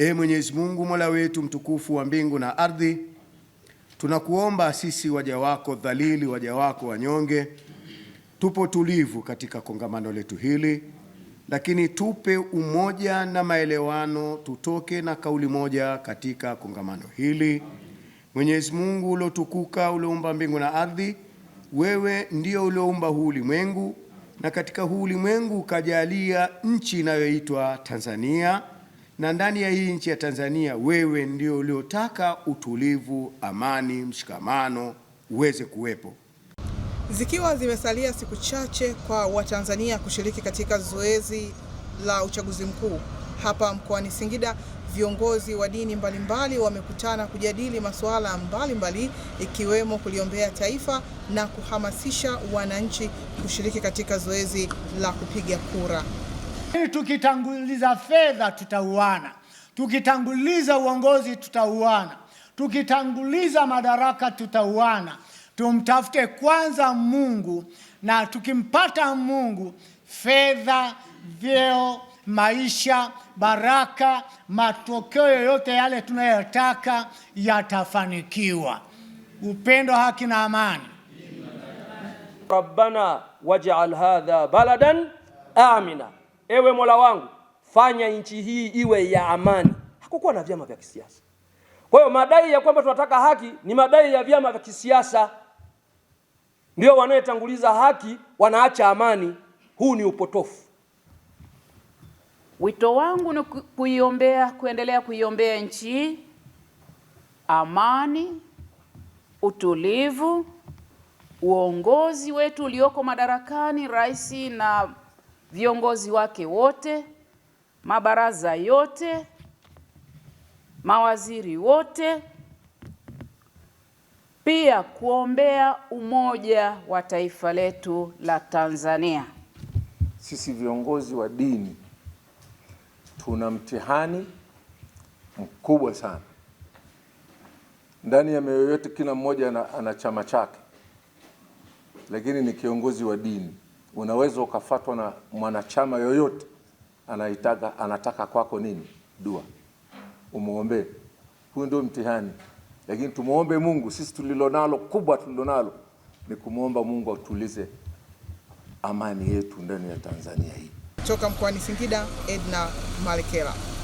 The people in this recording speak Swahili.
E Mwenyezi Mungu, mola wetu mtukufu wa mbingu na ardhi, tunakuomba sisi waja wako dhalili, waja wako wanyonge, tupo tulivu katika kongamano letu hili, lakini tupe umoja na maelewano, tutoke na kauli moja katika kongamano hili. Mwenyezi Mungu uliotukuka, ulioumba mbingu na ardhi, wewe ndio ulioumba huu ulimwengu, na katika huu ulimwengu ukajalia nchi inayoitwa Tanzania na ndani ya hii nchi ya Tanzania wewe ndio uliotaka utulivu, amani, mshikamano uweze kuwepo. Zikiwa zimesalia siku chache kwa Watanzania kushiriki katika zoezi la uchaguzi mkuu hapa mkoani Singida, viongozi wa dini mbalimbali wamekutana kujadili masuala mbalimbali ikiwemo kuliombea taifa na kuhamasisha wananchi kushiriki katika zoezi la kupiga kura. Tukitanguliza fedha tutauana, tukitanguliza uongozi tutauana, tukitanguliza madaraka tutauana. Tumtafute kwanza Mungu, na tukimpata Mungu, fedha, vyeo, maisha, baraka, matokeo yoyote yale tunayotaka yatafanikiwa. Upendo, haki na amani. Rabbana waj'al hadha baladan amina ewe Mola wangu, fanya nchi hii iwe ya amani. Hakukuwa na vyama vya kisiasa. Kwa hiyo madai ya kwamba tunataka haki ni madai ya vyama vya kisiasa, ndio wanayetanguliza haki wanaacha amani. Huu ni upotofu. Wito wangu ni kuiombea, kuendelea kuiombea nchi hii amani, utulivu, uongozi wetu ulioko madarakani, rais na viongozi wake wote, mabaraza yote, mawaziri wote, pia kuombea umoja wa taifa letu la Tanzania. Sisi viongozi wa dini tuna mtihani mkubwa sana. Ndani ya mioyo yetu kila mmoja ana, ana chama chake, lakini ni kiongozi wa dini unaweza ukafatwa na mwanachama yoyote anaitaga, anataka kwako nini? Dua umwombee. Huyu ndio mtihani, lakini tumwombe Mungu. Sisi tulilonalo kubwa tulilonalo ni kumwomba Mungu atulize amani yetu ndani ya Tanzania hii. Toka mkoani Singida, Edna Malekela.